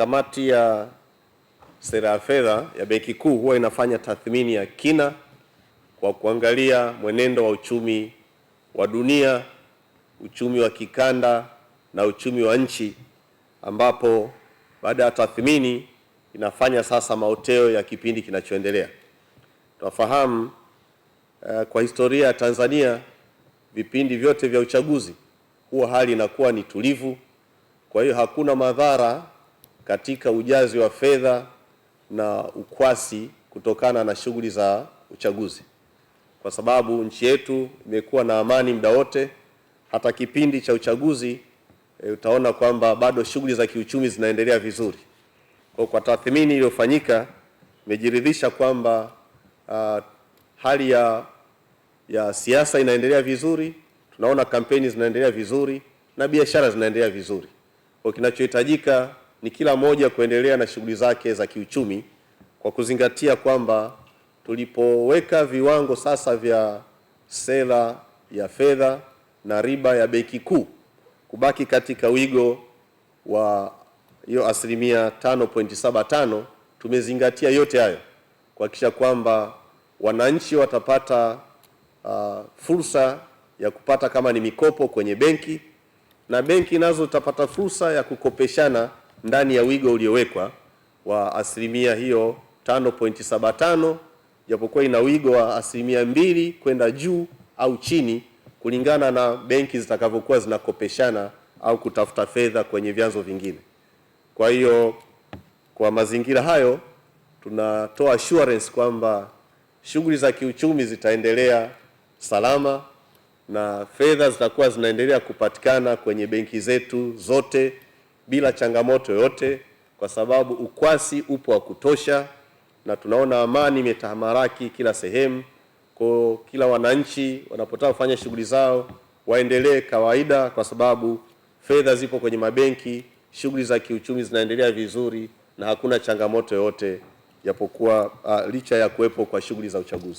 Kamati ya sera ya fedha ya Benki Kuu huwa inafanya tathmini ya kina kwa kuangalia mwenendo wa uchumi wa dunia, uchumi wa kikanda na uchumi wa nchi, ambapo baada ya tathmini inafanya sasa maoteo ya kipindi kinachoendelea. Tunafahamu uh, eh, kwa historia ya Tanzania vipindi vyote vya uchaguzi huwa hali inakuwa ni tulivu, kwa hiyo hakuna madhara katika ujazi wa fedha na ukwasi kutokana na shughuli za uchaguzi, kwa sababu nchi yetu imekuwa na amani muda wote. Hata kipindi cha uchaguzi e, utaona kwamba bado shughuli za kiuchumi zinaendelea vizuri. Kwa, kwa tathmini iliyofanyika imejiridhisha kwamba uh, hali ya, ya siasa inaendelea vizuri, tunaona kampeni zinaendelea vizuri na biashara zinaendelea vizuri. Kwa kinachohitajika ni kila moja kuendelea na shughuli zake za kiuchumi kwa kuzingatia kwamba tulipoweka viwango sasa vya sera ya fedha na riba ya Benki Kuu kubaki katika wigo wa hiyo asilimia 5.75, tumezingatia yote hayo kuhakikisha kwamba wananchi watapata uh, fursa ya kupata kama ni mikopo kwenye benki na benki nazo zitapata fursa ya kukopeshana ndani ya wigo uliowekwa wa asilimia hiyo 5.75 japokuwa ina wigo wa asilimia mbili kwenda juu au chini kulingana na benki zitakavyokuwa zinakopeshana au kutafuta fedha kwenye vyanzo vingine. Kwa hiyo kwa mazingira hayo, tunatoa assurance kwamba shughuli za kiuchumi zitaendelea salama na fedha zitakuwa zinaendelea kupatikana kwenye benki zetu zote bila changamoto yoyote, kwa sababu ukwasi upo wa kutosha na tunaona amani imetamaraki kila sehemu. Kwa kila wananchi wanapotaka kufanya shughuli zao waendelee kawaida, kwa sababu fedha zipo kwenye mabenki, shughuli za kiuchumi zinaendelea vizuri na hakuna changamoto yoyote, japokuwa uh, licha ya kuwepo kwa shughuli za uchaguzi.